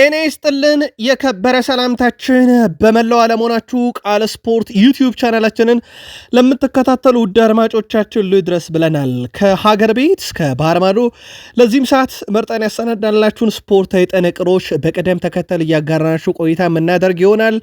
ጤና ይስጥልን የከበረ ሰላምታችን በመላው አለመሆናችሁ ቃል ስፖርት ዩቲዩብ ቻናላችንን ለምትከታተሉ ውድ አድማጮቻችን ልድረስ ብለናል። ከሀገር ቤት እስከ ባህር ማዶ ለዚህም ሰዓት መርጠን ያሰናዳላችሁን ስፖርታዊ ጥንቅሮች በቅደም ተከተል እያጋራናችሁ ቆይታ የምናደርግ ይሆናል።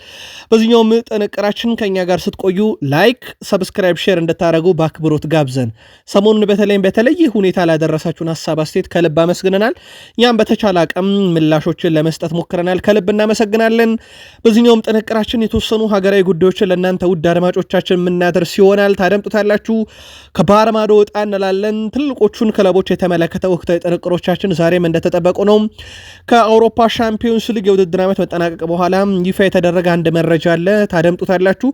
በዚህኛውም ጥንቅራችን ከኛ ጋር ስትቆዩ ላይክ፣ ሰብስክራይብ፣ ሼር እንድታደረጉ በአክብሮት ጋብዘን ሰሞኑን በተለይም በተለየ ሁኔታ ላደረሳችሁን ሀሳብ አስተያየት ከልብ አመስግነናል። እኛም በተቻለ አቅም ምላሾችን ለመስጠት ለመስጠት ሞክረናል። ከልብ እናመሰግናለን። በዚህኛውም ጥንቅራችን የተወሰኑ ሀገራዊ ጉዳዮችን ለእናንተ ውድ አድማጮቻችን የምናደርስ ይሆናል። ታደምጡታላችሁ። ከባህር ማዶ ወጣ እንላለን። ትልቆቹን ክለቦች የተመለከተ ወቅታዊ ጥንቅሮቻችን ዛሬም እንደተጠበቁ ነው። ከአውሮፓ ሻምፒዮንስ ሊግ የውድድር ዓመት መጠናቀቅ በኋላ ይፋ የተደረገ አንድ መረጃ አለ። ታደምጡታላችሁ።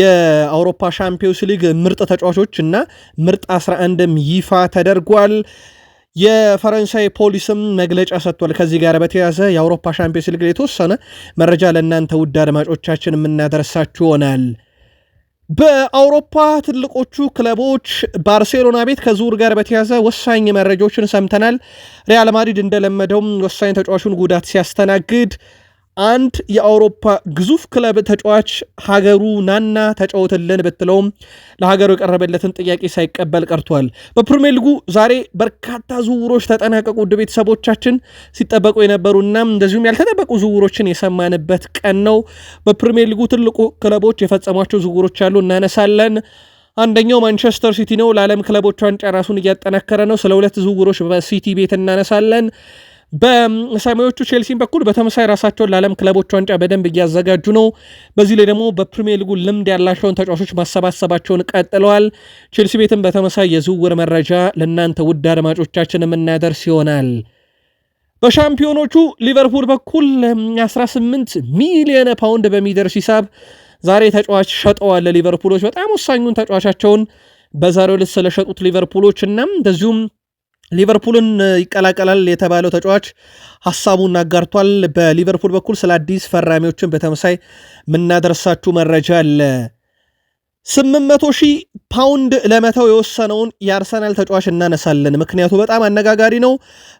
የአውሮፓ ሻምፒዮንስ ሊግ ምርጥ ተጫዋቾች እና ምርጥ 11ም ይፋ ተደርጓል። የፈረንሳይ ፖሊስም መግለጫ ሰጥቷል። ከዚህ ጋር በተያያዘ የአውሮፓ ሻምፒዮንስ ሊግ የተወሰነ መረጃ ለእናንተ ውድ አድማጮቻችን የምናደርሳችሁ ይሆናል። በአውሮፓ ትልቆቹ ክለቦች ባርሴሎና ቤት ከዙር ጋር በተያዘ ወሳኝ መረጃዎችን ሰምተናል። ሪያል ማድሪድ እንደለመደውም ወሳኝ ተጫዋቹን ጉዳት ሲያስተናግድ አንድ የአውሮፓ ግዙፍ ክለብ ተጫዋች ሀገሩ ናና ተጫወትልን ብትለውም ለሀገሩ የቀረበለትን ጥያቄ ሳይቀበል ቀርቷል። በፕሪሚየር ሊጉ ዛሬ በርካታ ዝውውሮች ተጠናቀቁ። ውድ ቤተሰቦቻችን ሲጠበቁ የነበሩና እንደዚሁም ያልተጠበቁ ዝውውሮችን የሰማንበት ቀን ነው። በፕሪሚየር ሊጉ ትልቁ ክለቦች የፈጸሟቸው ዝውውሮች አሉ፣ እናነሳለን። አንደኛው ማንቸስተር ሲቲ ነው። ለዓለም ክለቦች ዋንጫ ራሱን እያጠናከረ ነው። ስለ ሁለት ዝውውሮች በሲቲ ቤት እናነሳለን። በሰማዮቹ ቼልሲን በኩል በተመሳይ ራሳቸውን ለዓለም ክለቦች ዋንጫ በደንብ እያዘጋጁ ነው። በዚህ ላይ ደግሞ በፕሪሚየር ሊጉ ልምድ ያላቸውን ተጫዋቾች ማሰባሰባቸውን ቀጥለዋል። ቼልሲ ቤትም በተመሳይ የዝውውር መረጃ ለእናንተ ውድ አድማጮቻችን የምናደርስ ይሆናል። በሻምፒዮኖቹ ሊቨርፑል በኩል 18 ሚሊዮን ፓውንድ በሚደርስ ሂሳብ ዛሬ ተጫዋች ሸጠዋል። ሊቨርፑሎች በጣም ወሳኙን ተጫዋቻቸውን በዛሬው ዕለት ስለሸጡት ሊቨርፑሎች እናም እንደዚሁም ሊቨርፑልን ይቀላቀላል የተባለው ተጫዋች ሀሳቡን አጋርቷል። በሊቨርፑል በኩል ስለ አዲስ ፈራሚዎችን በተመሳይ የምናደርሳችሁ መረጃ አለ። 800 ሺህ ፓውንድ ለመተው የወሰነውን የአርሰናል ተጫዋች እናነሳለን። ምክንያቱ በጣም አነጋጋሪ ነው።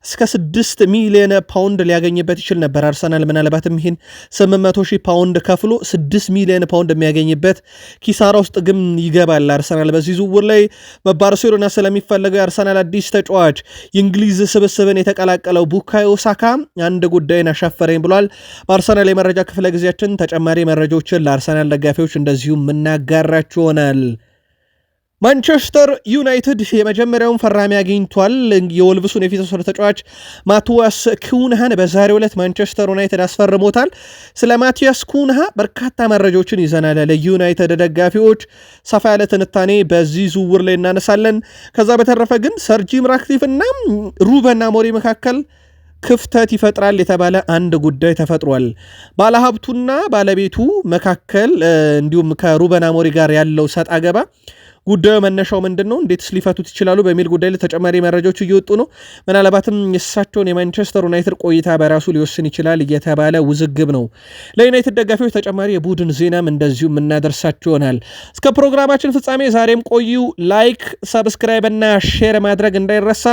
እስከ 6 ሚሊዮን ፓውንድ ሊያገኝበት ይችል ነበር። አርሰናል ምናልባትም ይህን 800 ሺህ ፓውንድ ከፍሎ 6 ሚሊዮን ፓውንድ የሚያገኝበት ኪሳራ ውስጥ ግን ይገባል። አርሰናል በዚህ ዝውውር ላይ በባርሴሎና ስለሚፈለገው የአርሰናል አዲስ ተጫዋች የእንግሊዝ ስብስብን የተቀላቀለው ቡካዮ ሳካ አንድ ጉዳይን አሻፈረኝ ብሏል። በአርሰናል የመረጃ ክፍለ ጊዜያችን ተጨማሪ መረጃዎችን ለአርሰናል ደጋፊዎች እንደዚሁም እናጋራቸው የምነግራችሁ ይሆናል። ማንቸስተር ዩናይትድ የመጀመሪያውን ፈራሚ አግኝቷል። የወልብሱን የፊት መስመር ተጫዋች ማቲያስ ኩንሃን በዛሬው ዕለት ማንቸስተር ዩናይትድ አስፈርሞታል። ስለ ማቲያስ ኩንሃ በርካታ መረጃዎችን ይዘናል። ለዩናይትድ ደጋፊዎች ሰፋ ያለ ትንታኔ በዚህ ዝውውር ላይ እናነሳለን። ከዛ በተረፈ ግን ሰር ጂም ራትክሊፍ እና ሩበን አሞሪም መካከል ክፍተት ይፈጥራል የተባለ አንድ ጉዳይ ተፈጥሯል። ባለሀብቱና ባለቤቱ መካከል እንዲሁም ከሩበን አሞሪ ጋር ያለው ሰጣ ገባ ጉዳዩ መነሻው ምንድን ነው፣ እንዴትስ ሊፈቱት ይችላሉ በሚል ጉዳይ ላይ ተጨማሪ መረጃዎች እየወጡ ነው። ምናልባትም የእሳቸውን የማንቸስተር ዩናይትድ ቆይታ በራሱ ሊወስን ይችላል እየተባለ ውዝግብ ነው። ለዩናይትድ ደጋፊዎች ተጨማሪ የቡድን ዜናም እንደዚሁ የምናደርሳችሁ ይሆናል። እስከ ፕሮግራማችን ፍጻሜ ዛሬም ቆዩ። ላይክ፣ ሰብስክራይብ እና ሼር ማድረግ እንዳይረሳ።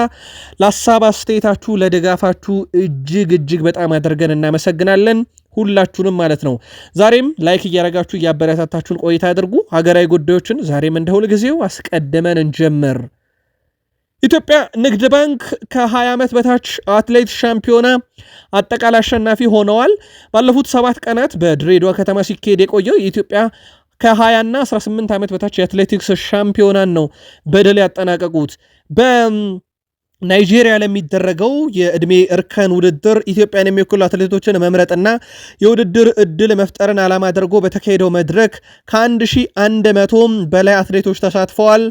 ለሀሳብ አስተያየታችሁ፣ ለድጋፋችሁ እጅግ እጅግ በጣም አድርገን እናመሰግናለን። ሁላችሁንም ማለት ነው። ዛሬም ላይክ እያረጋችሁ እያበረታታችሁን ቆይታ አድርጉ። ሀገራዊ ጉዳዮችን ዛሬም እንደ ሁል ጊዜው አስቀድመን እንጀምር። ኢትዮጵያ ንግድ ባንክ ከ20 ዓመት በታች አትሌት ሻምፒዮና አጠቃላይ አሸናፊ ሆነዋል። ባለፉት ሰባት ቀናት በድሬዳዋ ከተማ ሲካሄድ የቆየው የኢትዮጵያ ከ20ና 18 ዓመት በታች የአትሌቲክስ ሻምፒዮናን ነው በድል ያጠናቀቁት በ ናይጄሪያ ለሚደረገው የእድሜ እርከን ውድድር ኢትዮጵያን የሚወክሉ አትሌቶችን መምረጥና የውድድር እድል መፍጠርን ዓላማ አድርጎ በተካሄደው መድረክ ከ1100 በላይ አትሌቶች ተሳትፈዋል።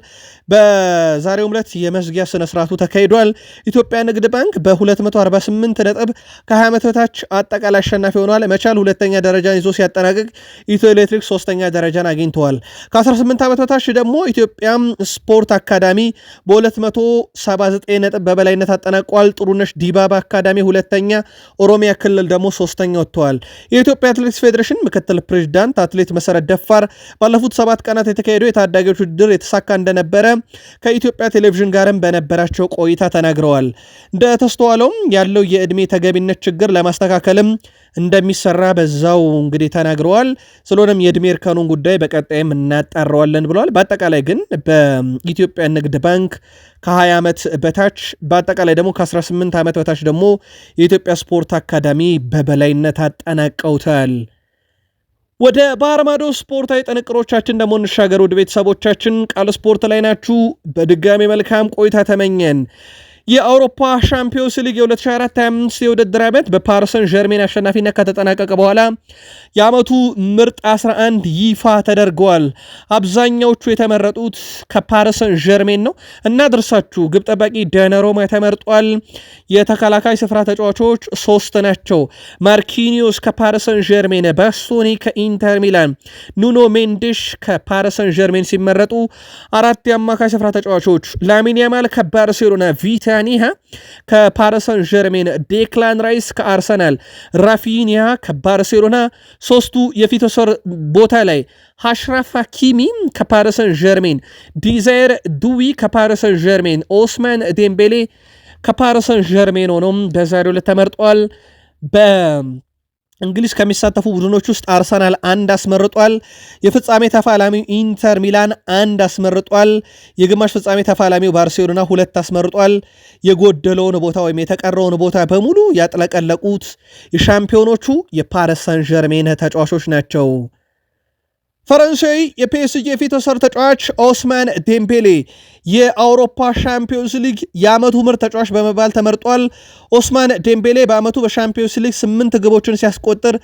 በዛሬው ዕለት የመዝጊያ ስነስርዓቱ ተካሂዷል። ኢትዮጵያ ንግድ ባንክ በ248 ነጥብ ከ20 ዓመት በታች አጠቃላይ አሸናፊ ሆኗል። መቻል ሁለተኛ ደረጃን ይዞ ሲያጠናቅቅ ኢትዮ ኤሌክትሪክ ሶስተኛ ደረጃን አግኝተዋል። ከ18 ዓመት በታች ደግሞ ኢትዮጵያ ስፖርት አካዳሚ በ279 ነጥብ ነጥብ በበላይነት አጠናቋል። ጥሩነሽ ዲባባ አካዳሚ ሁለተኛ፣ ኦሮሚያ ክልል ደግሞ ሶስተኛ ወጥተዋል። የኢትዮጵያ አትሌቲክስ ፌዴሬሽን ምክትል ፕሬዚዳንት አትሌት መሰረት ደፋር ባለፉት ሰባት ቀናት የተካሄደው የታዳጊዎች ውድድር የተሳካ እንደነበረ ከኢትዮጵያ ቴሌቪዥን ጋርም በነበራቸው ቆይታ ተናግረዋል። እንደተስተዋለውም ያለው የእድሜ ተገቢነት ችግር ለማስተካከልም እንደሚሰራ በዛው እንግዲህ ተናግረዋል። ስለሆነም የዕድሜ እርከኑን ጉዳይ በቀጣይም እናጣረዋለን ብለዋል። በአጠቃላይ ግን በኢትዮጵያ ንግድ ባንክ ከ20 ዓመት በታች በአጠቃላይ ደግሞ ከ18 ዓመት በታች ደግሞ የኢትዮጵያ ስፖርት አካዳሚ በበላይነት አጠናቀውታል። ወደ ባህር ማዶ ስፖርታዊ ጥንቅሮቻችን ደግሞ እንሻገር። ወደ ቤተሰቦቻችን ቃል ስፖርት ላይ ናችሁ። በድጋሚ መልካም ቆይታ ተመኘን። የአውሮፓ ሻምፒዮንስ ሊግ የ2024/25 የውድድር ዓመት በፓርሰን ጀርሜን አሸናፊነት ከተጠናቀቀ በኋላ የዓመቱ ምርጥ 11 ይፋ ተደርገዋል። አብዛኛዎቹ የተመረጡት ከፓርሰን ጀርሜን ነው እና ድርሳችሁ ግብ ጠባቂ ደነሮማ ተመርጧል። የተከላካይ ስፍራ ተጫዋቾች ሶስት ናቸው። ማርኪኒዮስ ከፓርሰን ጀርሜን፣ ባስቶኒ ከኢንተር ሚላን፣ ኑኖ ሜንድሽ ከፓርሰን ጀርሜን ሲመረጡ አራት የአማካይ ስፍራ ተጫዋቾች ላሚን ያማል ከባርሴሎና ቪታ ካኒሃ ከፓሪሰን ዠርሜን፣ ዴክላን ራይስ ከአርሰናል፣ ራፊኒያ ከባርሴሎና ሶስቱ የፊት ቦታ ላይ አሽራፍ ሀኪሚ ከፓሪሰን ዠርሜን፣ ዲዛይር ዱዊ ከፓሪሰን ዠርሜን፣ ኦስማን ዴምቤሌ ከፓሪሰን ዠርሜን ሆኖም በዛሬው ዕለት ተመርጧል። እንግሊዝ ከሚሳተፉ ቡድኖች ውስጥ አርሰናል አንድ አስመርጧል። የፍጻሜ ተፋላሚው ኢንተር ሚላን አንድ አስመርጧል። የግማሽ ፍጻሜ ተፋላሚው ባርሴሎና ሁለት አስመርጧል። የጎደለውን ቦታ ወይም የተቀረውን ቦታ በሙሉ ያጥለቀለቁት የሻምፒዮኖቹ የፓሪስ ሳን ዠርሜን ተጫዋቾች ናቸው። ፈረንሳይ የፒኤስጂ የፊት ወሰር ተጫዋች ኦስማን ዴምቤሌ የአውሮፓ ሻምፒዮንስ ሊግ የዓመቱ ምርጥ ተጫዋች በመባል ተመርጧል። ኦስማን ዴምቤሌ በዓመቱ በሻምፒዮንስ ሊግ ስምንት ግቦችን ሲያስቆጥር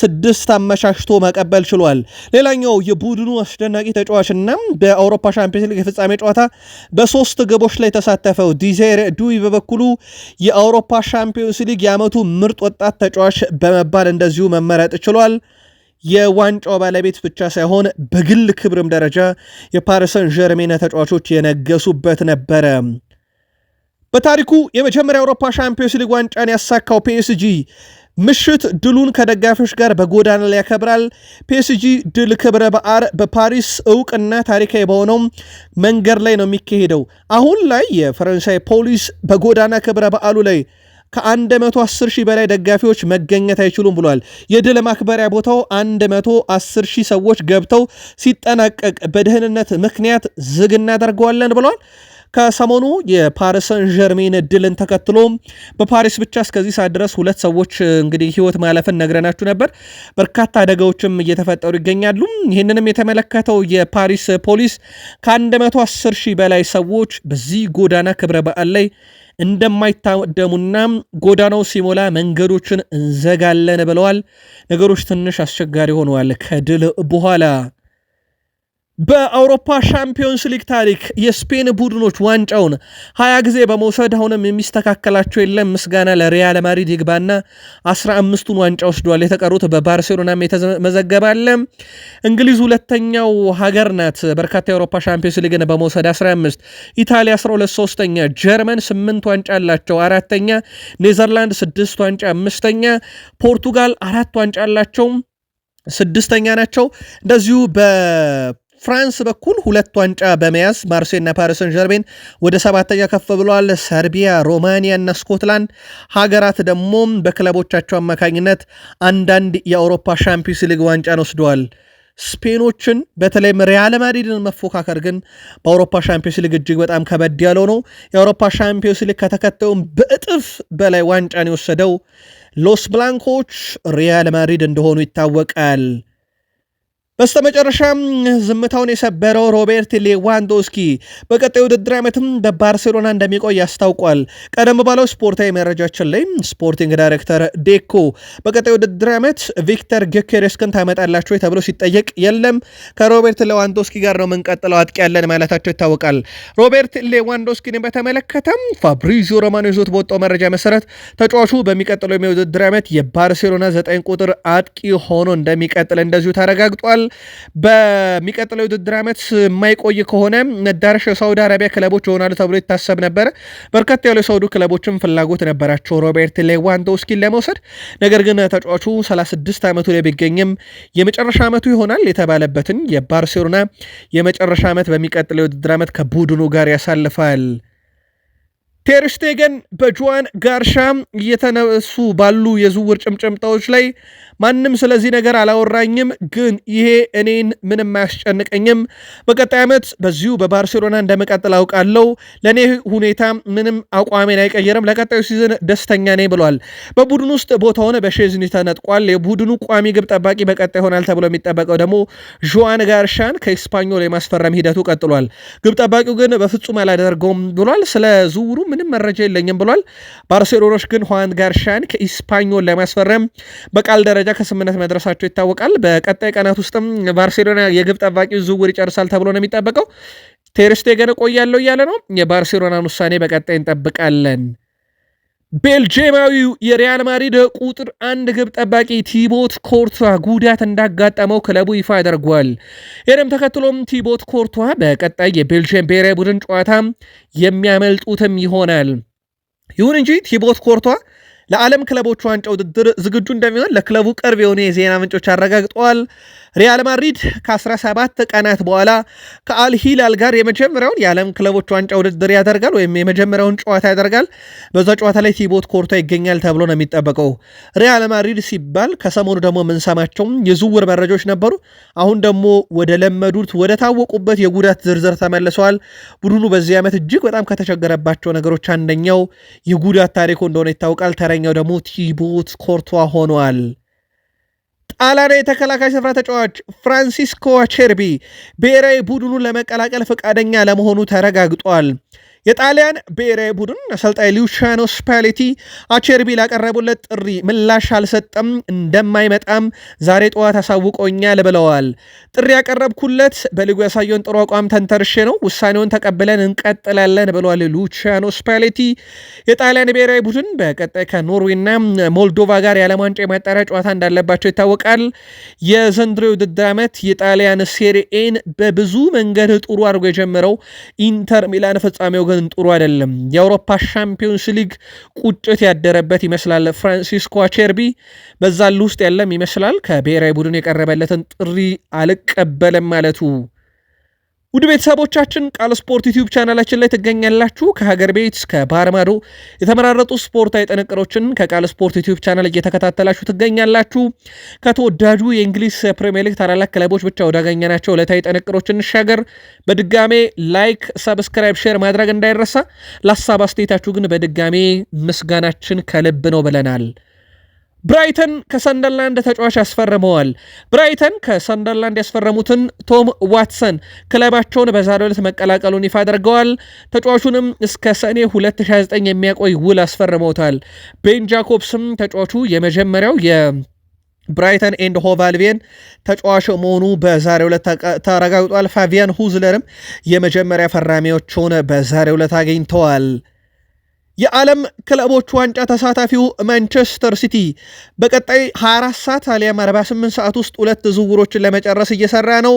ስድስት አመቻችቶ መቀበል ችሏል። ሌላኛው የቡድኑ አስደናቂ ተጫዋችና በአውሮፓ ሻምፒዮንስ ሊግ የፍጻሜ ጨዋታ በሶስት ግቦች ላይ ተሳተፈው ዲዜር ዱይ በበኩሉ የአውሮፓ ሻምፒዮንስ ሊግ የዓመቱ ምርጥ ወጣት ተጫዋች በመባል እንደዚሁ መመረጥ ችሏል። የዋንጫው ባለቤት ብቻ ሳይሆን በግል ክብርም ደረጃ የፓሪሰን ዠርሜን ተጫዋቾች የነገሱበት ነበረ። በታሪኩ የመጀመሪያ አውሮፓ ሻምፒዮንስ ሊግ ዋንጫን ያሳካው ፒኤስጂ ምሽት ድሉን ከደጋፊዎች ጋር በጎዳና ላይ ያከብራል። ፒኤስጂ ድል ክብረ በዓል በፓሪስ እውቅና ታሪካዊ በሆነው መንገድ ላይ ነው የሚካሄደው። አሁን ላይ የፈረንሳይ ፖሊስ በጎዳና ክብረ በዓሉ ላይ ከ110 ሺህ በላይ ደጋፊዎች መገኘት አይችሉም ብሏል። የድል ማክበሪያ ቦታው 110 ሺህ ሰዎች ገብተው ሲጠናቀቅ በደህንነት ምክንያት ዝግና እናደርገዋለን ብሏል። ከሰሞኑ የፓሪሰን ጀርሜን ድልን ተከትሎ በፓሪስ ብቻ እስከዚህ ሰዓት ድረስ ሁለት ሰዎች እንግዲህ ህይወት ማለፍን ነግረናችሁ ነበር። በርካታ አደጋዎችም እየተፈጠሩ ይገኛሉ። ይህንንም የተመለከተው የፓሪስ ፖሊስ ከ110 ሺህ በላይ ሰዎች በዚህ ጎዳና ክብረ በዓል ላይ እንደማይታደሙና ጎዳናው ሲሞላ መንገዶችን እንዘጋለን ብለዋል። ነገሮች ትንሽ አስቸጋሪ ሆነዋል ከድል በኋላ በአውሮፓ ሻምፒዮንስ ሊግ ታሪክ የስፔን ቡድኖች ዋንጫውን ሀያ ጊዜ በመውሰድ አሁንም የሚስተካከላቸው የለም። ምስጋና ለሪያል ማድሪድ ይግባና አስራ አምስቱን ዋንጫ ወስዷል። የተቀሩት በባርሴሎናም የተመዘገበ እንግሊዝ ሁለተኛው ሀገር ናት፣ በርካታ የአውሮፓ ሻምፒዮንስ ሊግን በመውሰድ 15። ኢታሊያ ሁለት ሶስተኛ፣ ጀርመን 8 ዋንጫ አላቸው አራተኛ፣ ኔዘርላንድ 6 ዋንጫ አምስተኛ፣ ፖርቱጋል አራት ዋንጫ አላቸው ስድስተኛ ናቸው። እንደዚሁ በ ፍራንስ በኩል ሁለት ዋንጫ በመያዝ ማርሴና ፓሪሰን ጀርሜን ወደ ሰባተኛ ከፍ ብለዋል። ሰርቢያ፣ ሮማኒያ እና ስኮትላንድ ሀገራት ደግሞ በክለቦቻቸው አማካኝነት አንዳንድ የአውሮፓ ሻምፒዮንስ ሊግ ዋንጫን ወስደዋል። ስፔኖችን በተለይም ሪያል ማድሪድን መፎካከር ግን በአውሮፓ ሻምፒዮንስ ሊግ እጅግ በጣም ከበድ ያለው ነው። የአውሮፓ ሻምፒዮንስ ሊግ ከተከታዩም በእጥፍ በላይ ዋንጫን የወሰደው ሎስ ብላንኮች ሪያል ማድሪድ እንደሆኑ ይታወቃል። በስተመጨረሻም ዝምታውን የሰበረው ሮቤርት ሌዋንዶስኪ በቀጣይ ውድድር ዓመትም በባርሴሎና እንደሚቆይ አስታውቋል። ቀደም ባለው ስፖርታዊ መረጃችን ላይ ስፖርቲንግ ዳይሬክተር ዴኮ በቀጣይ ውድድር ዓመት ቪክተር ጊኬሬስክን ታመጣላቸው ተብሎ ሲጠየቅ የለም ከሮቤርት ሌዋንዶስኪ ጋር ነው የምንቀጥለው አጥቂ ያለን ማለታቸው ይታወቃል። ሮቤርት ሌዋንዶስኪን በተመለከተም ፋብሪዚዮ ሮማኖ ይዞት በወጣው መረጃ መሰረት ተጫዋቹ በሚቀጥለው የውድድር ዓመት የባርሴሎና ዘጠኝ ቁጥር አጥቂ ሆኖ እንደሚቀጥል እንደዚሁ ተረጋግጧል። በሚቀጥለው የውድድር ዓመት የማይቆይ ከሆነ መዳረሻ የሳውዲ አረቢያ ክለቦች ይሆናሉ ተብሎ ይታሰብ ነበር። በርካታ ያሉ የሳውዲ ክለቦችም ፍላጎት ነበራቸው ሮቤርት ሌዋንዶውስኪን ለመውሰድ። ነገር ግን ተጫዋቹ 36 ዓመቱ ላይ ቢገኝም የመጨረሻ ዓመቱ ይሆናል የተባለበትን የባርሴሎና የመጨረሻ ዓመት በሚቀጥለው የውድድር ዓመት ከቡድኑ ጋር ያሳልፋል። ቴርሽቴገን በጁዋን ጋርሻ እየተነሱ ባሉ የዝውውር ጭምጭምጣዎች ላይ ማንም ስለዚህ ነገር አላወራኝም፣ ግን ይሄ እኔን ምንም አያስጨንቀኝም። በቀጣይ ዓመት በዚሁ በባርሴሎና እንደመቀጥል አውቃለሁ። ለእኔ ሁኔታ ምንም አቋሜን አይቀየርም። ለቀጣዩ ሲዝን ደስተኛ ነኝ ብሏል። በቡድን ውስጥ ቦታውን በሼዝኒ ተነጥቋል። የቡድኑ ቋሚ ግብ ጠባቂ በቀጣይ ይሆናል ተብሎ የሚጠበቀው ደግሞ ዦዋን ጋርሻን ከስፓኞል የማስፈረም ሂደቱ ቀጥሏል። ግብ ጠባቂው ግን በፍጹም አላደርገውም ብሏል። ስለ ዝውውሩ ምንም መረጃ የለኝም ብሏል። ባርሴሎኖች ግን ኋን ጋርሻን ከኢስፓኞል ለማስፈረም በቃል ደረጃ ደረጃ ከስምነት መድረሳቸው ይታወቃል። በቀጣይ ቀናት ውስጥም ባርሴሎና የግብ ጠባቂ ዝውውር ይጨርሳል ተብሎ ነው የሚጠበቀው። ቴርስቴገን እቆያለሁ እያለ ነው። የባርሴሎናን ውሳኔ በቀጣይ እንጠብቃለን። ቤልጅየማዊው የሪያል ማድሪድ ቁጥር አንድ ግብ ጠባቂ ቲቦት ኮርቷ ጉዳት እንዳጋጠመው ክለቡ ይፋ አድርጓል። ይህንም ተከትሎም ቲቦት ኮርቷ በቀጣይ የቤልጅየም ብሔራዊ ቡድን ጨዋታ የሚያመልጡትም ይሆናል። ይሁን እንጂ ቲቦት ኮርቷ ለዓለም ክለቦች ዋንጫ ውድድር ዝግጁ እንደሚሆን ለክለቡ ቅርብ የሆኑ የዜና ምንጮች አረጋግጠዋል። ሪያል ማድሪድ ከ17 ቀናት በኋላ ከአልሂላል ጋር የመጀመሪያውን የዓለም ክለቦች ዋንጫ ውድድር ያደርጋል ወይም የመጀመሪያውን ጨዋታ ያደርጋል። በዛ ጨዋታ ላይ ቲቦት ኮርቷ ይገኛል ተብሎ ነው የሚጠበቀው። ሪያል ማድሪድ ሲባል ከሰሞኑ ደግሞ የምንሰማቸውም የዝውውር መረጃዎች ነበሩ። አሁን ደግሞ ወደ ለመዱት ወደ ታወቁበት የጉዳት ዝርዝር ተመልሰዋል። ቡድኑ በዚህ ዓመት እጅግ በጣም ከተቸገረባቸው ነገሮች አንደኛው የጉዳት ታሪኩ እንደሆነ ይታወቃል። ተረኛው ደግሞ ቲቦት ኮርቷ ሆኗል። ጣሊያን የተከላካይ ስፍራ ተጫዋች ፍራንሲስኮ ቼርቢ ብሔራዊ ቡድኑን ለመቀላቀል ፈቃደኛ ለመሆኑ ተረጋግጧል። የጣሊያን ብሔራዊ ቡድን አሰልጣኝ ሉቺያኖ ስፓሌቲ አቸርቢ ላቀረቡለት ጥሪ ምላሽ አልሰጠም፣ እንደማይመጣም ዛሬ ጠዋት አሳውቆኛል ብለዋል። ጥሪ ያቀረብኩለት በሊጉ ያሳየውን ጥሩ አቋም ተንተርሼ ነው። ውሳኔውን ተቀብለን እንቀጥላለን ብለዋል ሉቺያኖ ስፓሌቲ። የጣሊያን ብሔራዊ ቡድን በቀጣይ ከኖርዌይና ሞልዶቫ ጋር የዓለም ዋንጫ የማጣሪያ ጨዋታ እንዳለባቸው ይታወቃል። የዘንድሮ ውድድር ዓመት የጣሊያን ሴሪኤን በብዙ መንገድ ጥሩ አድርጎ የጀመረው ኢንተር ሚላን ፍጻሜው ለመተማመን ጥሩ አይደለም። የአውሮፓ ሻምፒዮንስ ሊግ ቁጭት ያደረበት ይመስላል። ፍራንሲስኮ አቼርቢ በዛ ውስጥ ያለም ይመስላል ከብሔራዊ ቡድን የቀረበለትን ጥሪ አልቀበልም ማለቱ ውድ ቤተሰቦቻችን ቃል ስፖርት ዩቲዩብ ቻናላችን ላይ ትገኛላችሁ። ከሀገር ቤት ከባህር ማዶ የተመራረጡ ስፖርታዊ ጥንቅሮችን ከቃል ስፖርት ዩቲዩብ ቻናል እየተከታተላችሁ ትገኛላችሁ። ከተወዳጁ የእንግሊዝ ፕሪሚየር ሊግ ታላላቅ ክለቦች ብቻ ወዳገኘናቸው ዕለታዊ ጥንቅሮች እንሻገር። በድጋሜ ላይክ፣ ሰብስክራይብ፣ ሼር ማድረግ እንዳይረሳ። ለሀሳብ አስተያየታችሁ ግን በድጋሜ ምስጋናችን ከልብ ነው ብለናል። ብራይተን ከሰንደርላንድ ተጫዋች አስፈርመዋል ብራይተን ከሰንደርላንድ ያስፈረሙትን ቶም ዋትሰን ክለባቸውን በዛሬው ዕለት መቀላቀሉን ይፋ አድርገዋል። ተጫዋቹንም እስከ ሰኔ 2029 የሚያቆይ ውል አስፈርመውታል። ቤን ጃኮብስም ተጫዋቹ የመጀመሪያው የ ብራይተን ኤንድ ሆቫልቬን ተጫዋች መሆኑ በዛሬው ዕለት ተረጋግጧል። ፋቪያን ሁዝለርም የመጀመሪያ ፈራሚዎች ሆነ በዛሬው ዕለት አግኝተዋል። የዓለም ክለቦች ዋንጫ ተሳታፊው ማንቸስተር ሲቲ በቀጣይ 24 ሰዓት አሊያም 48 ሰዓት ውስጥ ሁለት ዝውውሮችን ለመጨረስ እየሰራ ነው።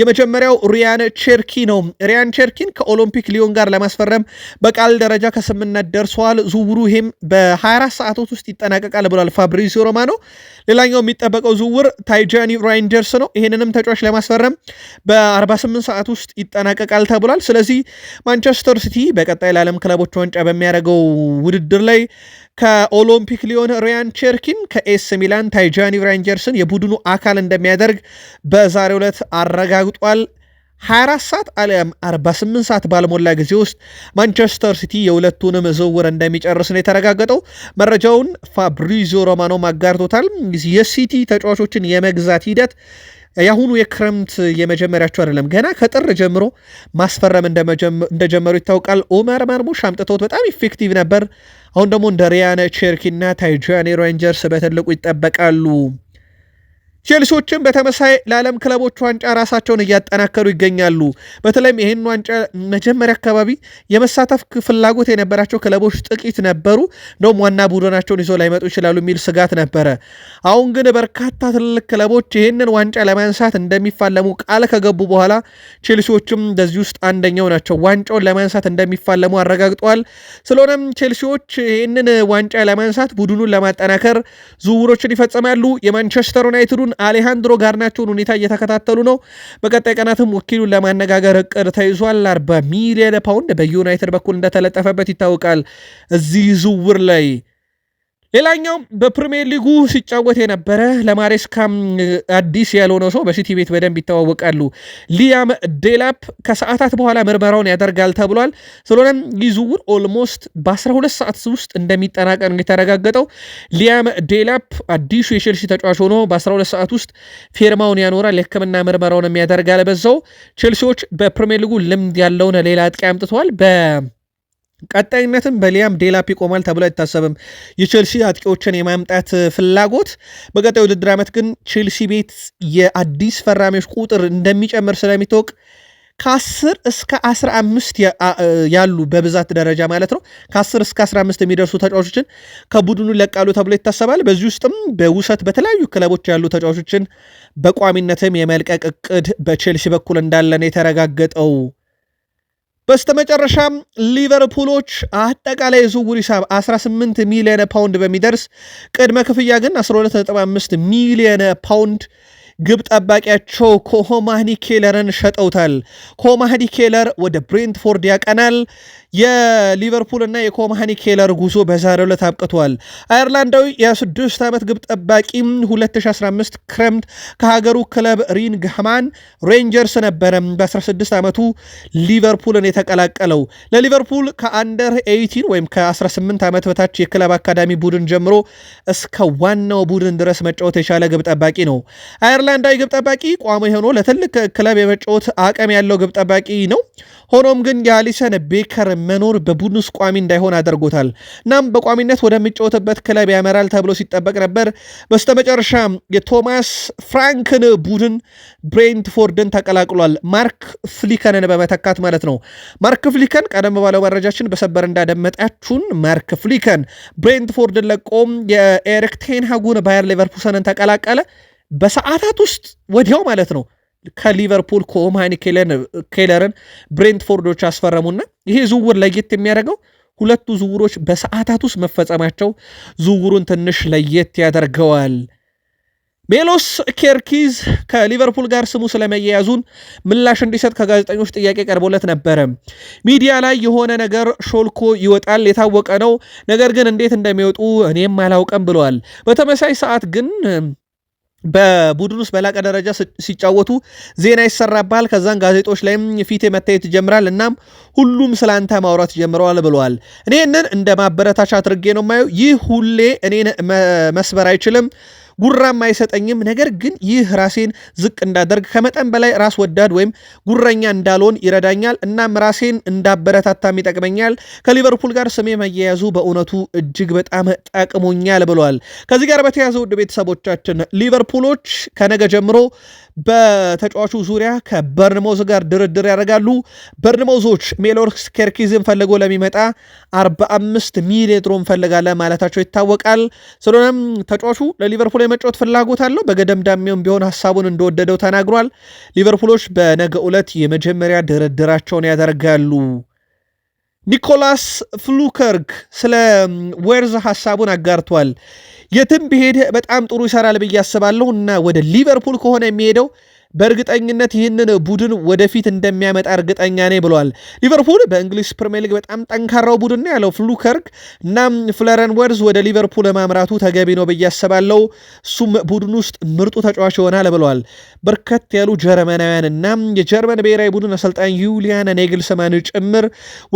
የመጀመሪያው ሪያን ቼርኪ ነው። ሪያን ቼርኪን ከኦሎምፒክ ሊዮን ጋር ለማስፈረም በቃል ደረጃ ከስምነት ደርሰዋል። ዝውውሩ ይህም በ24 ሰዓቶች ውስጥ ይጠናቀቃል ብሏል ፋብሪዚዮ ሮማኖ። ሌላኛው የሚጠበቀው ዝውውር ታይጃኒ ራይንደርስ ነው። ይህንንም ተጫዋች ለማስፈረም በ48 ሰዓት ውስጥ ይጠናቀቃል ተብሏል። ስለዚህ ማንቸስተር ሲቲ በቀጣይ ለዓለም ክለቦች ዋንጫ በሚያደርገው በተደረገው ውድድር ላይ ከኦሎምፒክ ሊዮን ሪያን ቼርኪን፣ ከኤስ ሚላን ታይጃኒ ራንጀርስን የቡድኑ አካል እንደሚያደርግ በዛሬው ዕለት አረጋግጧል። 24 ሰዓት አሊያም 48 ሰዓት ባልሞላ ጊዜ ውስጥ ማንቸስተር ሲቲ የሁለቱንም ዝውውር እንደሚጨርስ ነው የተረጋገጠው። መረጃውን ፋብሪዚዮ ሮማኖ አጋርቶታል። የሲቲ ተጫዋቾችን የመግዛት ሂደት የአሁኑ የክረምት የመጀመሪያቸው አይደለም። ገና ከጥር ጀምሮ ማስፈረም እንደጀመሩ ይታወቃል። ኦመር መርሙሽ አምጥተውት በጣም ኢፌክቲቭ ነበር። አሁን ደግሞ እንደ ሪያነ ቼርኪና ታይጃኒ ሬንጀርስ በትልቁ ይጠበቃሉ። ቼልሲዎችም በተመሳይ ለዓለም ክለቦች ዋንጫ ራሳቸውን እያጠናከሩ ይገኛሉ። በተለይም ይህን ዋንጫ መጀመሪያ አካባቢ የመሳተፍ ፍላጎት የነበራቸው ክለቦች ጥቂት ነበሩ። እንደውም ዋና ቡድናቸውን ይዞ ላይመጡ ይችላሉ የሚል ስጋት ነበረ። አሁን ግን በርካታ ትልልቅ ክለቦች ይህንን ዋንጫ ለማንሳት እንደሚፋለሙ ቃል ከገቡ በኋላ ቼልሲዎችም በዚህ ውስጥ አንደኛው ናቸው። ዋንጫውን ለማንሳት እንደሚፋለሙ አረጋግጠዋል። ስለሆነም ቼልሲዎች ይህንን ዋንጫ ለማንሳት ቡድኑን ለማጠናከር ዝውውሮችን ይፈጽማሉ። የማንቸስተር ዩናይትዱን አሌሃንድሮ ጋርናቸውን ሁኔታ እየተከታተሉ ነው። በቀጣይ ቀናትም ወኪሉን ለማነጋገር እቅድ ተይዟል። 40 ሚሊየን ፓውንድ በዩናይትድ በኩል እንደተለጠፈበት ይታወቃል። እዚህ ዝውውር ላይ ሌላኛው በፕሪሚየር ሊጉ ሲጫወት የነበረ ለማሬስካም አዲስ ያልሆነው ሰው በሲቲ ቤት በደንብ ይተዋወቃሉ ሊያም ዴላፕ ከሰዓታት በኋላ ምርመራውን ያደርጋል ተብሏል። ስለሆነም ይህ ዝውውር ኦልሞስት በ12 ሰዓት ውስጥ እንደሚጠናቀቅ ነው የተረጋገጠው። ሊያም ዴላፕ አዲሱ የቼልሲ ተጫዋች ሆኖ በ12 ሰዓት ውስጥ ፌርማውን ያኖራል፣ የሕክምና ምርመራውን የሚያደርጋል። በዛው ቼልሲዎች በፕሪሚየር ሊጉ ልምድ ያለውን ሌላ አጥቂ አምጥተዋል በ ቀጣይነትም በሊያም ዴላፕ ይቆማል ተብሎ አይታሰብም። የቼልሲ አጥቂዎችን የማምጣት ፍላጎት በቀጣይ ውድድር ዓመት ግን ቼልሲ ቤት የአዲስ ፈራሚዎች ቁጥር እንደሚጨምር ስለሚታወቅ ከ10 እስከ 15 ያሉ በብዛት ደረጃ ማለት ነው። ከ10 እስከ 15 የሚደርሱ ተጫዋቾችን ከቡድኑ ይለቃሉ ተብሎ ይታሰባል። በዚህ ውስጥም በውሰት በተለያዩ ክለቦች ያሉ ተጫዋቾችን በቋሚነትም የመልቀቅ እቅድ በቼልሲ በኩል እንዳለ የተረጋገጠው። በስተመጨረሻም ሊቨርፑሎች አጠቃላይ የዝውውር ሂሳብ 18 ሚሊዮን ፓውንድ በሚደርስ ቅድመ ክፍያ ግን 125 ሚሊዮን ፓውንድ ግብ ጠባቂያቸው ኮሆማኒ ኬለርን ሸጠውታል። ኮማኒ ኬለር ወደ ብሬንትፎርድ ያቀናል። የሊቨርፑል እና የኮማኒ ኬለር ጉዞ በዛሬው ዕለት አብቅቷል። አየርላንዳዊ የ 6 ዓመት ግብ ጠባቂ 2015 ክረምት ከሀገሩ ክለብ ሪንግሃማን ሬንጀርስ ነበረ በ16 ዓመቱ ሊቨርፑልን የተቀላቀለው። ለሊቨርፑል ከአንደር 18 ወይም ከ18 ዓመት በታች የክለብ አካዳሚ ቡድን ጀምሮ እስከ ዋናው ቡድን ድረስ መጫወት የቻለ ግብ ጠባቂ ነው። አየርላንዳዊ ግብ ጠባቂ ቋሚ ሆኖ ለትልቅ ክለብ የመጫወት አቅም ያለው ግብ ጠባቂ ነው። ሆኖም ግን የአሊሰን ቤከር መኖር በቡድን ውስጥ ቋሚ እንዳይሆን አድርጎታል። እናም በቋሚነት ወደሚጫወትበት ክለብ ያመራል ተብሎ ሲጠበቅ ነበር። በስተመጨረሻ የቶማስ ፍራንክን ቡድን ብሬንትፎርድን ተቀላቅሏል። ማርክ ፍሊከንን በመተካት ማለት ነው። ማርክ ፍሊከን ቀደም ባለው መረጃችን በሰበር እንዳደመጣችሁን ማርክ ፍሊከን ብሬንትፎርድን ለቆም የኤሪክ ቴንሃጉን ባየር ሌቨርኩሰንን ተቀላቀለ። በሰዓታት ውስጥ ወዲያው ማለት ነው ከሊቨርፑል ኮማኒ ኬለርን ብሬንትፎርዶች አስፈረሙና ይሄ ዝውውር ለየት የሚያደርገው ሁለቱ ዝውውሮች በሰዓታት ውስጥ መፈጸማቸው ዝውውሩን ትንሽ ለየት ያደርገዋል። ሜሎስ ኬርኪዝ ከሊቨርፑል ጋር ስሙ ስለመያያዙን ምላሽ እንዲሰጥ ከጋዜጠኞች ጥያቄ ቀርቦለት ነበረ። ሚዲያ ላይ የሆነ ነገር ሾልኮ ይወጣል የታወቀ ነው፣ ነገር ግን እንዴት እንደሚወጡ እኔም አላውቅም ብለዋል። በተመሳይ ሰዓት ግን በቡድን ውስጥ በላቀ ደረጃ ሲጫወቱ ዜና ይሰራባል። ከዛን ጋዜጦች ላይም ፊት መታየት ይጀምራል። እናም ሁሉም አንተ ማውራት ጀምረዋል ብለዋል። እኔንን እንደ ማበረታቻ አድርጌ ነው የማየው። ይህ ሁሌ እኔ መስበር አይችልም ጉራም አይሰጠኝም። ነገር ግን ይህ ራሴን ዝቅ እንዳደርግ ከመጠን በላይ ራስ ወዳድ ወይም ጉረኛ እንዳልሆን ይረዳኛል። እናም ራሴን እንዳበረታታም ይጠቅመኛል። ከሊቨርፑል ጋር ስሜ መያያዙ በእውነቱ እጅግ በጣም ጠቅሞኛል ብለዋል። ከዚህ ጋር በተያያዘ ውድ ቤተሰቦቻችን ሊቨርፑሎች ከነገ ጀምሮ በተጫዋቹ ዙሪያ ከበርንሞዝ ጋር ድርድር ያደርጋሉ። በርንሞዞች ሜሎርክስ ኬርኪዝን ፈልጎ ለሚመጣ 45 ሚሊዮን ዩሮ እንፈልጋለን ማለታቸው ይታወቃል። ስለሆነም ተጫዋቹ ለሊቨርፑል የመጫወት ፍላጎት አለው። በገደምዳሜውም ቢሆን ሀሳቡን እንደወደደው ተናግሯል። ሊቨርፑሎች በነገ ዕለት የመጀመሪያ ድርድራቸውን ያደርጋሉ። ኒኮላስ ፍሉከርግ ስለ ዌርዝ ሀሳቡን አጋርቷል። የትም ቢሄድ በጣም ጥሩ ይሰራል ብዬ አስባለሁ እና ወደ ሊቨርፑል ከሆነ የሚሄደው በእርግጠኝነት ይህንን ቡድን ወደፊት እንደሚያመጣ እርግጠኛ ነኝ ብሏል። ሊቨርፑል በእንግሊዝ ፕሪሚየር ሊግ በጣም ጠንካራው ቡድን ያለው ፍሉከርክ እና ፍለረን ወርዝ ወደ ሊቨርፑል ማምራቱ ተገቢ ነው ብዬ አስባለሁ። እሱም ቡድን ውስጥ ምርጡ ተጫዋች ይሆናል ብለዋል። በርከት ያሉ ጀርመናውያን እና የጀርመን ብሔራዊ ቡድን አሰልጣኝ ዩሊያን ኔግልስማን ጭምር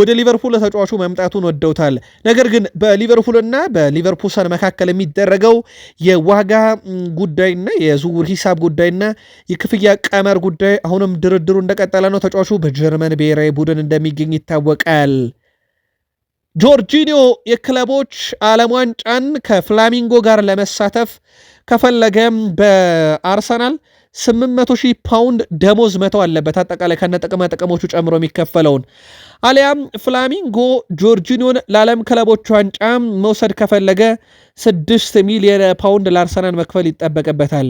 ወደ ሊቨርፑል ለተጫዋቹ መምጣቱን ወደውታል። ነገር ግን በሊቨርፑልና በሊቨርፑልሰን መካከል የሚደረገው የዋጋ ጉዳይና የዝውውር ሂሳብ ጉዳይና የክፍያ የቀመር ጉዳይ አሁንም ድርድሩ እንደቀጠለ ነው። ተጫዋቹ በጀርመን ብሔራዊ ቡድን እንደሚገኝ ይታወቃል። ጆርጂኒዮ የክለቦች ዓለም ዋንጫን ከፍላሚንጎ ጋር ለመሳተፍ ከፈለገም በአርሰናል 800 ሺህ ፓውንድ ደሞዝ መተው አለበት። አጠቃላይ ከነ ጥቅማ ጥቅሞቹ ጨምሮ የሚከፈለውን አሊያም ፍላሚንጎ ጆርጂኒዮን ለዓለም ክለቦች ዋንጫ መውሰድ ከፈለገ 6 ሚሊዮን ፓውንድ ለአርሰናል መክፈል ይጠበቅበታል።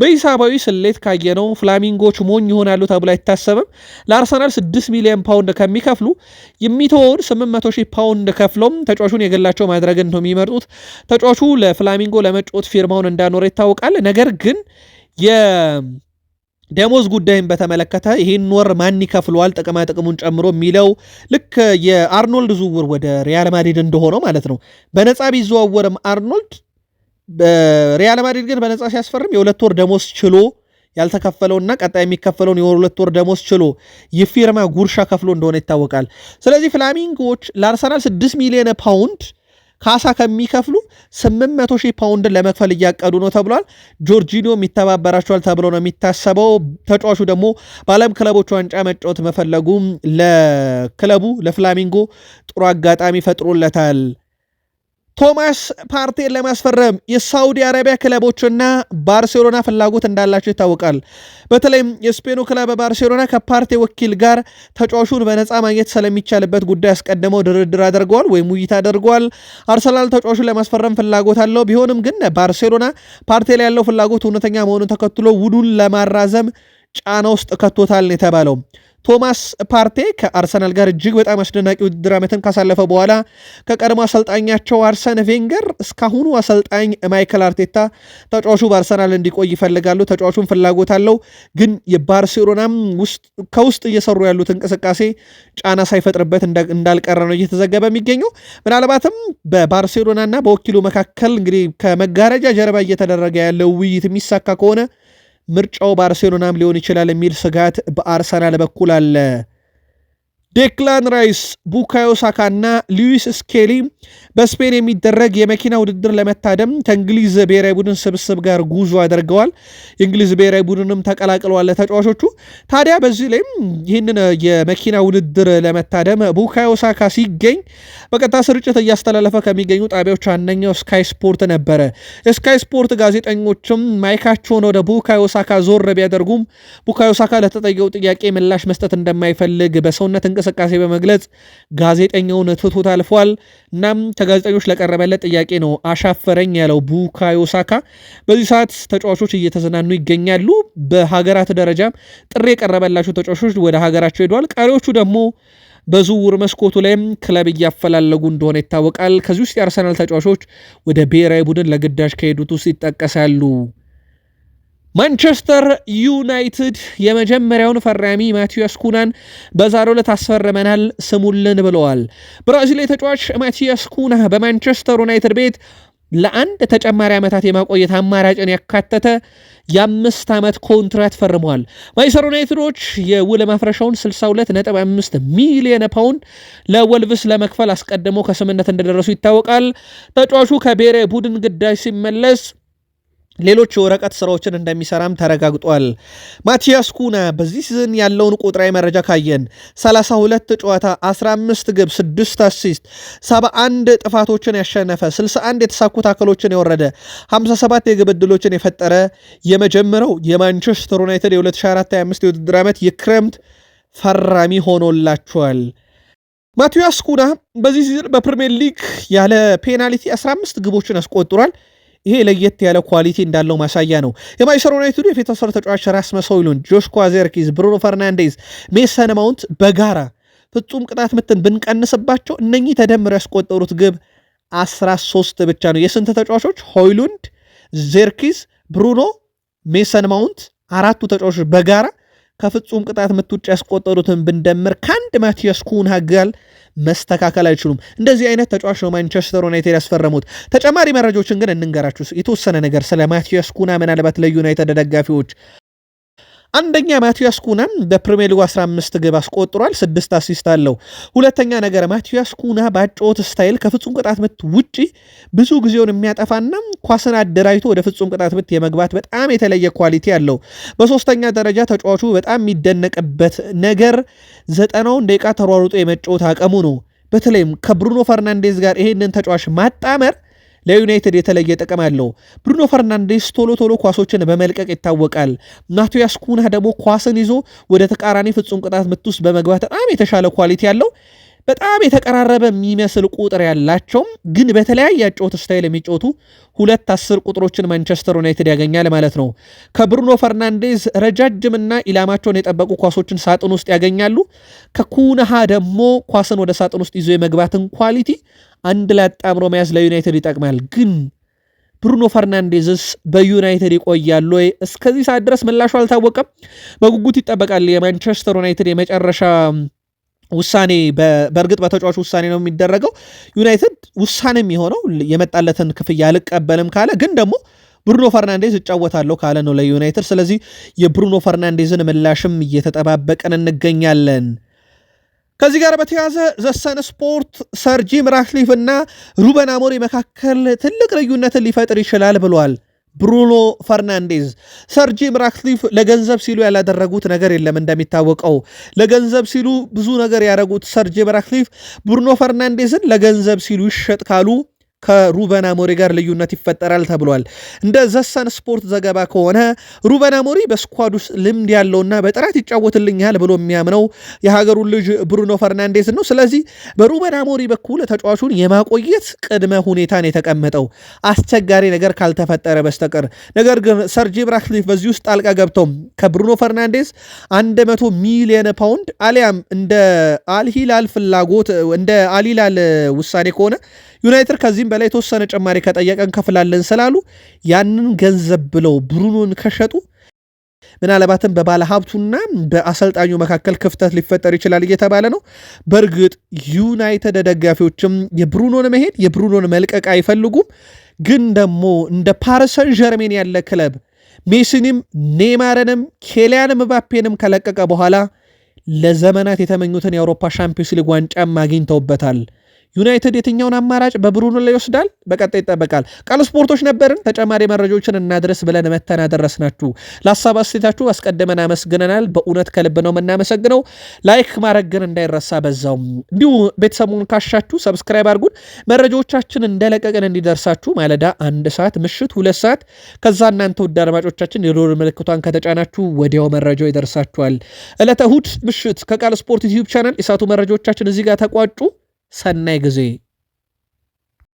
በሂሳባዊ ስሌት ካየነው ፍላሚንጎች ሞኝ ይሆናሉ ተብሎ አይታሰብም። ለአርሰናል 6 ሚሊዮን ፓውንድ ከሚከፍሉ የሚተወውን 800 ፓውንድ ከፍሎም ተጫዋቹን የግላቸው ማድረግን ነው የሚመርጡት። ተጫዋቹ ለፍላሚንጎ ለመጫወት ፊርማውን እንዳኖረ ይታወቃል። ነገር ግን ደሞዝ ጉዳይን በተመለከተ ይህን ወር ማን ይከፍለዋል ጥቅማ ጥቅሙን ጨምሮ የሚለው ልክ የአርኖልድ ዝውውር ወደ ሪያል ማድሪድ እንደሆነው ማለት ነው። በነፃ ቢዘዋወርም አርኖልድ ሪያል ማድሪድ ግን በነፃ ሲያስፈርም የሁለት ወር ደሞዝ ችሎ ያልተከፈለውና ቀጣይ የሚከፈለውን የሁለት ወር ደሞዝ ችሎ የፊርማ ጉርሻ ከፍሎ እንደሆነ ይታወቃል። ስለዚህ ፍላሚንጎዎች ለአርሰናል 6 ሚሊዮን ፓውንድ ካሳ ከሚከፍሉ 800 ሺህ ፓውንድ ለመክፈል እያቀዱ ነው ተብሏል። ጆርጂኒዮ የሚተባበራቸዋል ተብሎ ነው የሚታሰበው። ተጫዋቹ ደግሞ በዓለም ክለቦች ዋንጫ መጫወት መፈለጉም ለክለቡ ለፍላሚንጎ ጥሩ አጋጣሚ ፈጥሮለታል። ቶማስ ፓርቴን ለማስፈረም የሳውዲ አረቢያ ክለቦችና ባርሴሎና ፍላጎት እንዳላቸው ይታወቃል። በተለይም የስፔኑ ክለብ ባርሴሎና ከፓርቴ ወኪል ጋር ተጫዋቹን በነፃ ማግኘት ስለሚቻልበት ጉዳይ አስቀድመው ድርድር አድርገዋል ወይም ውይይት አድርገዋል። አርሰናል ተጫዋቹን ለማስፈረም ፍላጎት አለው። ቢሆንም ግን ባርሴሎና ፓርቴ ላይ ያለው ፍላጎት እውነተኛ መሆኑን ተከትሎ ውሉን ለማራዘም ጫና ውስጥ ከቶታል የተባለው ቶማስ ፓርቴ ከአርሰናል ጋር እጅግ በጣም አስደናቂ ውድድር ዓመትን ካሳለፈ በኋላ ከቀድሞ አሰልጣኛቸው አርሰን ቬንገር እስካሁኑ አሰልጣኝ ማይከል አርቴታ ተጫዋቹ በአርሰናል እንዲቆይ ይፈልጋሉ። ተጫዋቹን ፍላጎት አለው። ግን የባርሴሎናም ከውስጥ እየሰሩ ያሉት እንቅስቃሴ ጫና ሳይፈጥርበት እንዳልቀረ ነው እየተዘገበ የሚገኘው። ምናልባትም በባርሴሎናና በወኪሉ መካከል እንግዲህ ከመጋረጃ ጀርባ እየተደረገ ያለው ውይይት የሚሳካ ከሆነ ምርጫው ባርሴሎናም ሊሆን ይችላል የሚል ስጋት በአርሰናል በኩል አለ። ዴክላን ራይስ፣ ቡካዮ ሳካ እና ሉዊስ ስኬሊ በስፔን የሚደረግ የመኪና ውድድር ለመታደም ከእንግሊዝ ብሔራዊ ቡድን ስብስብ ጋር ጉዞ አድርገዋል። የእንግሊዝ ብሔራዊ ቡድንም ተቀላቅለዋል ተጫዋቾቹ። ታዲያ በዚህ ላይም ይህንን የመኪና ውድድር ለመታደም ቡካዮ ሳካ ሲገኝ በቀጥታ ስርጭት እያስተላለፈ ከሚገኙ ጣቢያዎች አንደኛው ስካይ ስፖርት ነበረ። የስካይ ስፖርት ጋዜጠኞችም ማይካቸውን ወደ ቡካዮ ሳካ ዞር ቢያደርጉም ቡካዮ ሳካ ለተጠየቀው ጥያቄ ምላሽ መስጠት እንደማይፈልግ በሰውነት እንቅስቃሴ በመግለጽ ጋዜጠኛውን ትቶት አልፏል። እናም ከጋዜጠኞች ለቀረበለት ጥያቄ ነው አሻፈረኝ ያለው ቡካዮ ሳካ። በዚህ ሰዓት ተጫዋቾች እየተዝናኑ ይገኛሉ። በሀገራት ደረጃም ጥሪ የቀረበላቸው ተጫዋቾች ወደ ሀገራቸው ሄደዋል። ቀሪዎቹ ደግሞ በዝውውር መስኮቱ ላይም ክለብ እያፈላለጉ እንደሆነ ይታወቃል። ከዚህ ውስጥ የአርሰናል ተጫዋቾች ወደ ብሔራዊ ቡድን ለግዳጅ ከሄዱት ውስጥ ይጠቀሳሉ። ማንቸስተር ዩናይትድ የመጀመሪያውን ፈራሚ ማቲያስ ኩናን በዛሬው ዕለት አስፈርመናል ስሙልን ብለዋል። ብራዚላዊ ተጫዋች ማቲያስ ኩና በማንቸስተር ዩናይትድ ቤት ለአንድ ተጨማሪ ዓመታት የማቆየት አማራጭን ያካተተ የአምስት ዓመት ኮንትራት ፈርመዋል። ማንቸስተር ዩናይትዶች የውል ማፍረሻውን 62.5 ሚሊዮን ፓውንድ ለወልቭስ ለመክፈል አስቀድሞ ከስምነት እንደደረሱ ይታወቃል። ተጫዋቹ ከብሔራዊ ቡድን ግዳጅ ሲመለስ ሌሎች የወረቀት ስራዎችን እንደሚሰራም ተረጋግጧል። ማቲያስ ኩና በዚህ ሲዝን ያለውን ቁጥራዊ መረጃ ካየን 32 ጨዋታ 15 ግብ 6 አሲስት 71 ጥፋቶችን ያሸነፈ 61 የተሳኩ ታክሎችን የወረደ 57 የግብ ዕድሎችን የፈጠረ የመጀመሪያው የማንቸስተር ዩናይትድ የ2024/25 የውድድር ዓመት የክረምት ፈራሚ ሆኖላቸዋል። ማቲያስ ኩና በዚህ ሲዝን በፕሪምየር ሊግ ያለ ፔናልቲ 15 ግቦችን አስቆጥሯል። ይሄ ለየት ያለ ኳሊቲ እንዳለው ማሳያ ነው። የማንቸስተር ዩናይትዱ የፊት አስር ተጫዋች ራስመስ ሆይሉንድ፣ ጆሽኳ ዘርኪዝ፣ ብሩኖ ፈርናንዴዝ፣ ሜሰን ማውንት በጋራ ፍጹም ቅጣት ምትን ብንቀንስባቸው እነኚህ ተደምረው ያስቆጠሩት ግብ 13 ብቻ ነው። የስንት ተጫዋቾች? ሆይሉንድ፣ ዜርኪዝ፣ ብሩኖ፣ ሜሰን ማውንት አራቱ ተጫዋቾች በጋራ ከፍጹም ቅጣት ምት ውጭ ያስቆጠሩትን ብንደምር ከአንድ ማቲያስ ኩንሃ ጋር መስተካከል አይችሉም። እንደዚህ አይነት ተጫዋች ነው ማንቸስተር ዩናይትድ ያስፈረሙት። ተጨማሪ መረጃዎችን ግን እንንገራችሁ የተወሰነ ነገር ስለ ማቲያስ ኩና ምናልባት ለዩናይትድ ደጋፊዎች አንደኛ ማቲያስ ኩና በፕሪሚየር ሊጉ 15 ግብ አስቆጥሯል፣ ስድስት አሲስት አለው። ሁለተኛ ነገር ማቲያስ ኩና በአጨዋወት ስታይል ከፍጹም ቅጣት ምት ውጪ ብዙ ጊዜውን የሚያጠፋና ኳስን አደራጅቶ ወደ ፍጹም ቅጣት ምት የመግባት በጣም የተለየ ኳሊቲ አለው። በሶስተኛ ደረጃ ተጫዋቹ በጣም የሚደነቅበት ነገር ዘጠናውን ደቂቃ ተሯሩጦ የመጫወት አቅሙ ነው። በተለይም ከብሩኖ ፈርናንዴዝ ጋር ይሄንን ተጫዋች ማጣመር ለዩናይትድ የተለየ ጥቅም አለው። ብሩኖ ፈርናንዴስ ቶሎ ቶሎ ኳሶችን በመልቀቅ ይታወቃል። ማቲያስ ኩና ደግሞ ኳስን ይዞ ወደ ተቃራኒ ፍጹም ቅጣት ምት ውስጥ በመግባት በጣም የተሻለ ኳሊቲ ያለው በጣም የተቀራረበ የሚመስል ቁጥር ያላቸውም ግን በተለያየ ያጫወት ስታይል የሚጫወቱ ሁለት አስር ቁጥሮችን ማንቸስተር ዩናይትድ ያገኛል ማለት ነው። ከብሩኖ ፈርናንዴዝ ረጃጅምና ኢላማቸውን የጠበቁ ኳሶችን ሳጥን ውስጥ ያገኛሉ። ከኩነሃ ደግሞ ኳስን ወደ ሳጥን ውስጥ ይዞ የመግባትን ኳሊቲ አንድ ላይ አጣምሮ መያዝ ለዩናይትድ ይጠቅማል። ግን ብሩኖ ፈርናንዴዝስ በዩናይትድ ይቆያሉ ወይ? እስከዚህ ሰዓት ድረስ ምላሹ አልታወቀም። በጉጉት ይጠበቃል የማንቸስተር ዩናይትድ የመጨረሻ ውሳኔ በእርግጥ በተጫዋቹ ውሳኔ ነው የሚደረገው። ዩናይትድ ውሳኔ የሚሆነው የመጣለትን ክፍያ አልቀበልም ካለ ግን ደግሞ ብሩኖ ፈርናንዴዝ እጫወታለሁ ካለ ነው ለዩናይትድ። ስለዚህ የብሩኖ ፈርናንዴዝን ምላሽም እየተጠባበቀን እንገኛለን። ከዚህ ጋር በተያያዘ ዘሰን ስፖርት ሰር ጂም ራትክሊፍ እና ሩበን አሞሪ መካከል ትልቅ ልዩነትን ሊፈጥር ይችላል ብሏል። ብሩኖ ፈርናንዴዝ ሰር ጂም ራትክሊፍ ለገንዘብ ሲሉ ያላደረጉት ነገር የለም። እንደሚታወቀው ለገንዘብ ሲሉ ብዙ ነገር ያደረጉት ሰር ጂም ራትክሊፍ ብሩኖ ፈርናንዴዝን ለገንዘብ ሲሉ ይሸጥ ካሉ ከሩበን አሞሪ ጋር ልዩነት ይፈጠራል ተብሏል። እንደ ዘሰን ስፖርት ዘገባ ከሆነ ሩበን አሞሪ በስኳድ ውስጥ ልምድ ያለውና በጥራት ይጫወትልኛል ብሎ የሚያምነው የሀገሩን ልጅ ብሩኖ ፈርናንዴስ ነው። ስለዚህ በሩበን አሞሪ በኩል ተጫዋቹን የማቆየት ቅድመ ሁኔታን የተቀመጠው አስቸጋሪ ነገር ካልተፈጠረ በስተቀር ነገር ግን ሰር ጂም በዚህ ውስጥ ጣልቃ ገብተውም ከብሩኖ ፈርናንዴስ 100 ሚሊየን ፓውንድ አሊያም እንደ አልሂላል ፍላጎት እንደ አልሂላል ውሳኔ ከሆነ ዩናይትድ ከዚህም በላይ የተወሰነ ጭማሪ ከጠየቀ እንከፍላለን ስላሉ ያንን ገንዘብ ብለው ብሩኖን ከሸጡ ምናልባትም በባለ ሀብቱና በአሰልጣኙ መካከል ክፍተት ሊፈጠር ይችላል እየተባለ ነው። በእርግጥ ዩናይትድ ደጋፊዎችም የብሩኖን መሄድ የብሩኖን መልቀቅ አይፈልጉም። ግን ደግሞ እንደ ፓርሰን ጀርሜን ያለ ክለብ ሜሲንም ኔይማርንም ኬሊያን ምባፔንም ከለቀቀ በኋላ ለዘመናት የተመኙትን የአውሮፓ ሻምፒዮንስ ሊግ ዋንጫም አግኝተውበታል። ዩናይትድ የትኛውን አማራጭ በብሩኑ ላይ ይወስዳል? በቀጣይ ይጠበቃል። ቃል ስፖርቶች ነበርን። ተጨማሪ መረጃዎችን እናድረስ ብለን መተን አደረስናችሁ። ለሀሳብ አስተያየታችሁ አስቀድመን አመስግነናል። በእውነት ከልብ ነው የምናመሰግነው። ላይክ ማድረግ ግን እንዳይረሳ። በዛው እንዲሁ ቤተሰቡን ካሻችሁ ሰብስክራይብ አድርጉን። መረጃዎቻችን እንደለቀቅን እንዲደርሳችሁ ማለዳ አንድ ሰዓት፣ ምሽት ሁለት ሰዓት ከዛ እናንተ ውድ አድማጮቻችን የዶር ምልክቷን ከተጫናችሁ ወዲያው መረጃው ይደርሳችኋል። ዕለተ እሁድ ምሽት ከቃል ስፖርት ዩቲዩብ ቻናል የሳቱ መረጃዎቻችን እዚህ ጋር ተቋጩ። ሰናይ ጊዜ